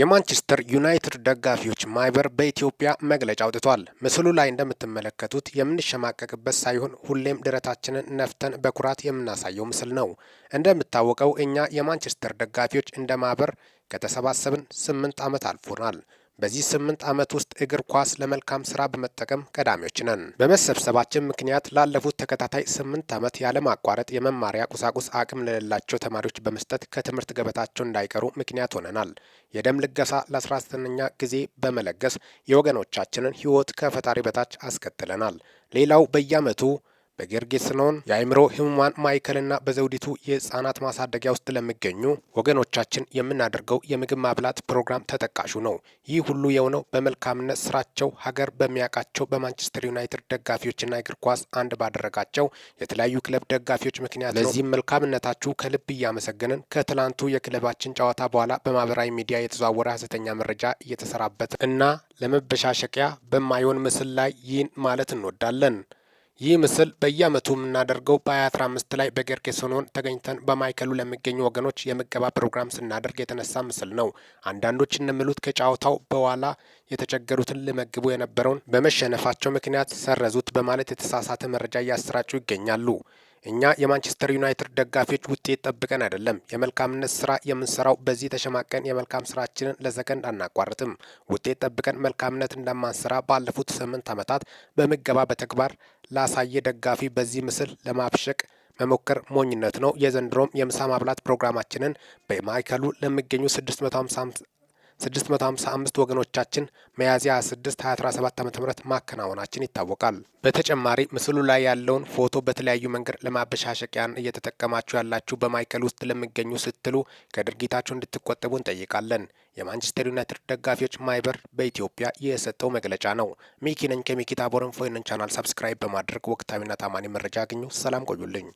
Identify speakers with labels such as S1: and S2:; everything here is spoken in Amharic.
S1: የማንቸስተር ዩናይትድ ደጋፊዎች ማህበር በኢትዮጵያ መግለጫ አውጥቷል። ምስሉ ላይ እንደምትመለከቱት የምንሸማቀቅበት ሳይሆን ሁሌም ደረታችንን ነፍተን በኩራት የምናሳየው ምስል ነው። እንደምታወቀው እኛ የማንቸስተር ደጋፊዎች እንደ ማህበር ከተሰባሰብን ስምንት ዓመት አልፎናል። በዚህ ስምንት ዓመት ውስጥ እግር ኳስ ለመልካም ስራ በመጠቀም ቀዳሚዎች ነን። በመሰብሰባችን ምክንያት ላለፉት ተከታታይ ስምንት ዓመት ያለማቋረጥ የመማሪያ ቁሳቁስ አቅም ለሌላቸው ተማሪዎች በመስጠት ከትምህርት ገበታቸው እንዳይቀሩ ምክንያት ሆነናል። የደም ልገሳ ለ19ኛ ጊዜ በመለገስ የወገኖቻችንን ሕይወት ከፈጣሪ በታች አስከትለናል። ሌላው በየዓመቱ በጌርጌስኖን የአእምሮ ህሙማን ማዕከልና በዘውዲቱ የህጻናት ማሳደጊያ ውስጥ ለሚገኙ ወገኖቻችን የምናደርገው የምግብ ማብላት ፕሮግራም ተጠቃሹ ነው። ይህ ሁሉ የሆነው በመልካምነት ስራቸው ሀገር በሚያውቃቸው በማንቸስተር ዩናይትድ ደጋፊዎችና እግር ኳስ አንድ ባደረጋቸው የተለያዩ ክለብ ደጋፊዎች ምክንያት ነው።
S2: ለዚህም መልካምነታችሁ ከልብ እያመሰገንን ከትላንቱ የክለባችን ጨዋታ በኋላ በማህበራዊ ሚዲያ የተዘዋወረ ሀሰተኛ መረጃ እየተሰራበት እና ለመበሻሸቂያ በማይሆን ምስል ላይ ይህን ማለት እንወዳለን። ይህ ምስል በየአመቱ የምናደርገው በአያትራ አምስት ላይ በጌርጌ ሰኖን ተገኝተን በማዕከሉ ለሚገኙ ወገኖች የምገባ ፕሮግራም ስናደርግ የተነሳ ምስል ነው። አንዳንዶች እንደሚሉት ከጨዋታው በኋላ የተቸገሩትን ልመግቡ የነበረውን በመሸነፋቸው ምክንያት ሰረዙት በማለት የተሳሳተ መረጃ እያሰራጩ ይገኛሉ። እኛ የማንቸስተር ዩናይትድ ደጋፊዎች ውጤት ጠብቀን አይደለም የመልካምነት ስራ የምንሰራው። በዚህ ተሸማቀን የመልካም ስራችንን ለሰከንድ አናቋርጥም። ውጤት ጠብቀን መልካምነት እንደማንሰራ ባለፉት ስምንት ዓመታት በምገባ በተግባር ላሳየ ደጋፊ በዚህ ምስል ለማብሸቅ መሞከር ሞኝነት ነው። የዘንድሮም የምሳ ማብላት ፕሮግራማችንን በማዕከሉ ለሚገኙ 655 655 ወገኖቻችን ሚያዝያ 6 2017 ዓ ም ማከናወናችን ይታወቃል። በተጨማሪ ምስሉ ላይ ያለውን ፎቶ በተለያዩ መንገድ ለማበሻሸቂያን እየተጠቀማችሁ ያላችሁ በማይከል ውስጥ ለሚገኙ ስትሉ ከድርጊታችሁ እንድትቆጠቡ እንጠይቃለን። የማንቸስተር ዩናይትድ ደጋፊዎች ማይበር በኢትዮጵያ የሰጠው መግለጫ ነው። ሚኪ ነኝ ከሚኪታ ቦረንፎይንን ቻናል ሰብስክራይብ በማድረግ ወቅታዊና ታማኒ መረጃ አግኙ። ሰላም ቆዩልኝ።